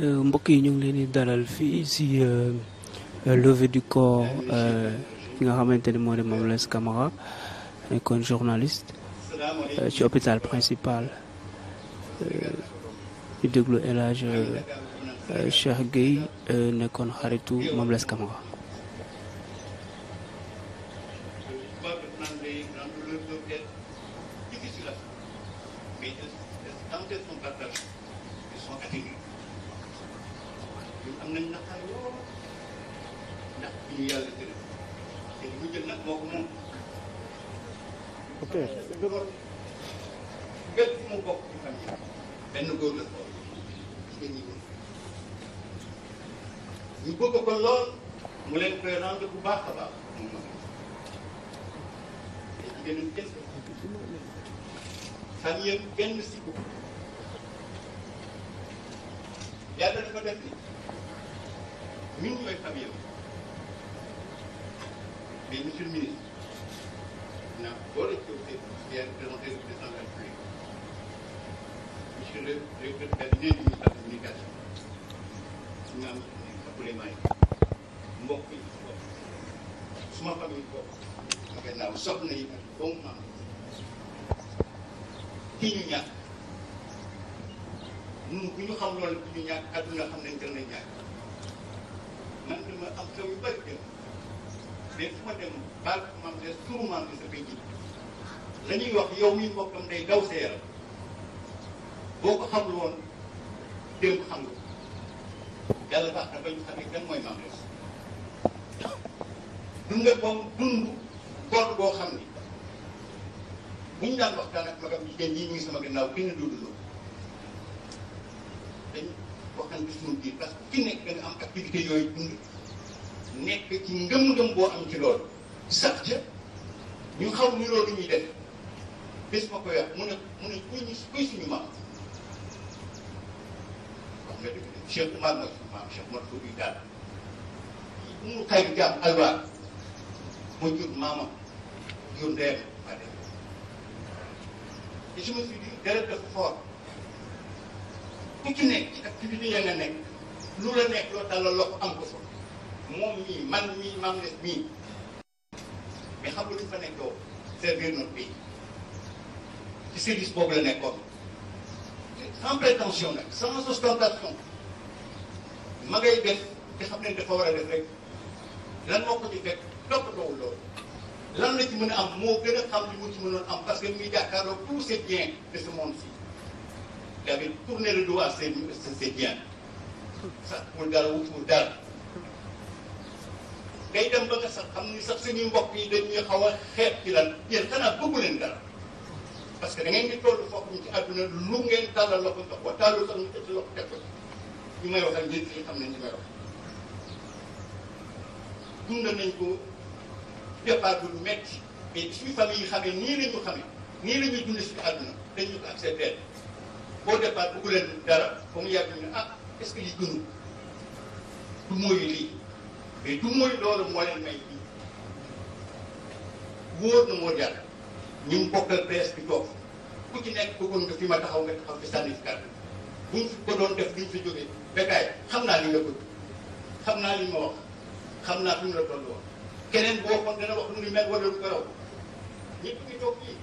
Euh, mbokk yi ñu ngi leen di dalal fi si euh, euh, levée du corps ki nga xamante ni moo di Mame Less Camara nekkoon journaliste ci hôpital principal di déglu El Hadj Cheikh Gueye nekkoon xaritu Mame Less ñun am nañ naqar yoo ndax bi ñu yàlla tëral te li mu jël nag moo ko moom. ok góor bépp mu bokk ci famille benn góor la xool jigéen ñi góor ñu bëgg ko lool mu leen koy rendre bu baax a baax moom ma te jigéen ñi famille benn si ko yàlla dafa def ni ñu ngi koy xam yéen mais monsieur le na boo la jotee bien présenté le président de la République monsieur le directeur de cabinet du ministère de la communication naan appelement yi mbokk suma famille bokk ak gannaaw soxna yi ak bon maam kii ñu ñàkk ñun bu ñu xam loolu bu ñu ñàkk àdduna xam nañ gën a ñàkk sëñ yu bëri dem mais su ma dem baal man de surman bi sa koy ji la wax yow mi mbokkam day daw sa boo ko xamul woon démb xam nga yàlla baax xam ne dund ak dund góor boo xam ni bu ñu daan waxtaan ak magam jigéen yi ñu ngi sama gannaaw kenn du dund dañ waxtaan ci suñu biir parce que nekk nga am activité yooyu dund nekk ci ngëm-ngëm boo am ci loolu sax ca ñu xaw ni loolu ñuy def bés ma ko wax mu ne mu ne kuy suñu maam wax nga dëgg de Cheikh Oumar mooy suñu maam Cheikh Oumar Fouti daal umul kay bi jaam alwaar moo jur maamam jur ndeyam ma dem te je me dara dafa fort ku ci nekk ci activité ya nga nekk lu la nekk loo tàllal loo ko am ko fa moom mii man mii maam les mii mais xam nga lu fa nekkoo servir notre pays ci service boobu la nekkoon sans prétention nag sans ostentation ma ngay def te xam ne dafa war a def rek lan moo ko ci fekk toppatoowul loolu lan la ci mën am moo gën a xam li mu ci mënoon am parce que muy jàkkaarloo tous ces biens de ce monde-ci dafa tourner le dos à ces biens sax pour dara wutul dara day dem ba nga sax xam ni sax suñuy mbokk yi dañuy xaw a xeet ci lan yéen xanaa bëggu dara parce que da di toll foofu ñu ci àdduna lu ngeen tàllal loxo ndox wa tàllu sax ñu tëdd loxo teg ko xam nañ li may nañ ko départ bu metti mais suñu famille yi nii la ñu xamee nii la ñuy àdduna dañu ko accepté boo départ bëggu dara ba yàgg ñu ah est-ce que du mooy lii mais du mooy loolu moo leen may bi wóor na moo jàll ñu ngi bokkal bees bi toog ku ci nekk bëggoon nga fi ma taxaw nga taxaw fi sànni fi kàddu bu ñu ko doon def duñ fi jógee bekkaay xam naa li nga bëgg xam naa li ma wax xam naa fi mu la toll woon keneen boo xoon dana wax lu ni mel wala lu ko raw ñëpp ngi toog fii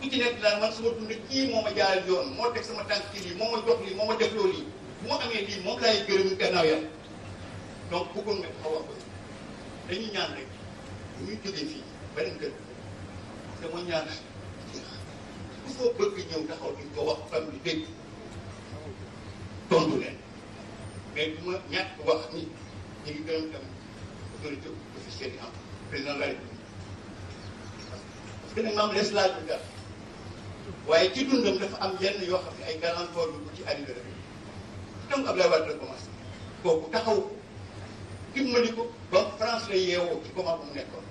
ku ci nekk daal man sama dund kii moo ma jaaral yoon moo teg sama tànk yi moo ma jox lii moo ma def loolu lii bu amee lii moom laay gërëm gannaaw donc bëggoon nga taxaw wax dañuy ñaan rek ñuy jógee fii beneen kër dama ñaan ku ko bëgg ñëw taxaw di ko wax fam bi dégg tontu leen mais du ma wax ni ñu ngi gërëm tam autorité officielle yi am président de la république parce que nag maam les bu gàtt waaye ci dundam dafa am yenn yoo xam ne ay gàllankoor yu ko ci arrivé rek donc Abdoulaye taxaw dimbali ko ba France la yeewoo ci comment bu mu nekkoon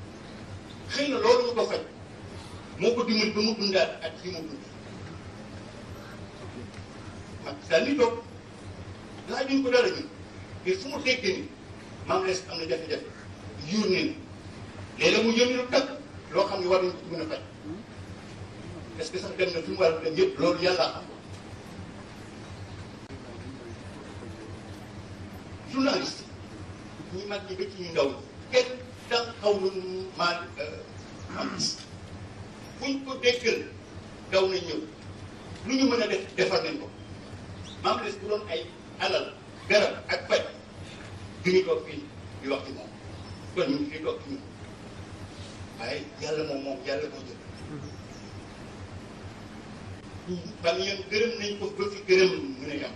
xëy na loolu mu ko faj moo ko dimbali ba mu dundaat ak mu dund man di toog laaj ñu ko dara ñun te fu mu déggee ni maam les am na jafe-jafe yónnee na léeg-léeg mu yónnee lu takk loo xam ne war nañ ko mën a faj est-ce que sax na fi mu war a dem yëpp loolu ya xam ko ñi mag ñi ba ci ñi ndaw kenn da xaw nañu maa ñu mën a def defar nañ ko maam des bu doon ay alal garab ak faj du ñu toog fii di wax moom kon ñu ngi fii toog ci ñun waaye yàlla moom moom yàlla moo ba mu yem gërëm nañ ko ba fi gërëm mën a yam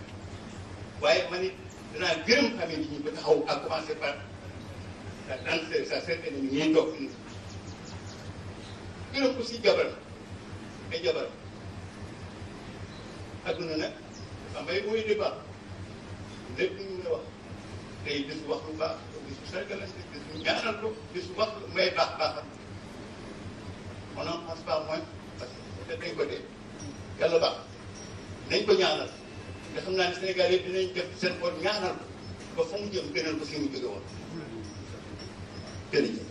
waaye man it danaa gërëm famille bi ñu ko taxaw à commencer par sa tante sa sœur ni ñuy toog fii gërëm ko si jabar ay jabar adduna nag dafa mbay mooy débat lépp ñu mën a wax tey bés wax lu baax bés bu sargal bés bu ñaanal ko bés wax lu may baax baaxal on n'en pense pas moins parce que dañ ko dee yàlla baax ko ñaanal. nga xam naa ne Sénégal yëpp dinañ def seen bopp ñaanal ba fa mu jëm gënal ko fi mu jóge woon jërëjëf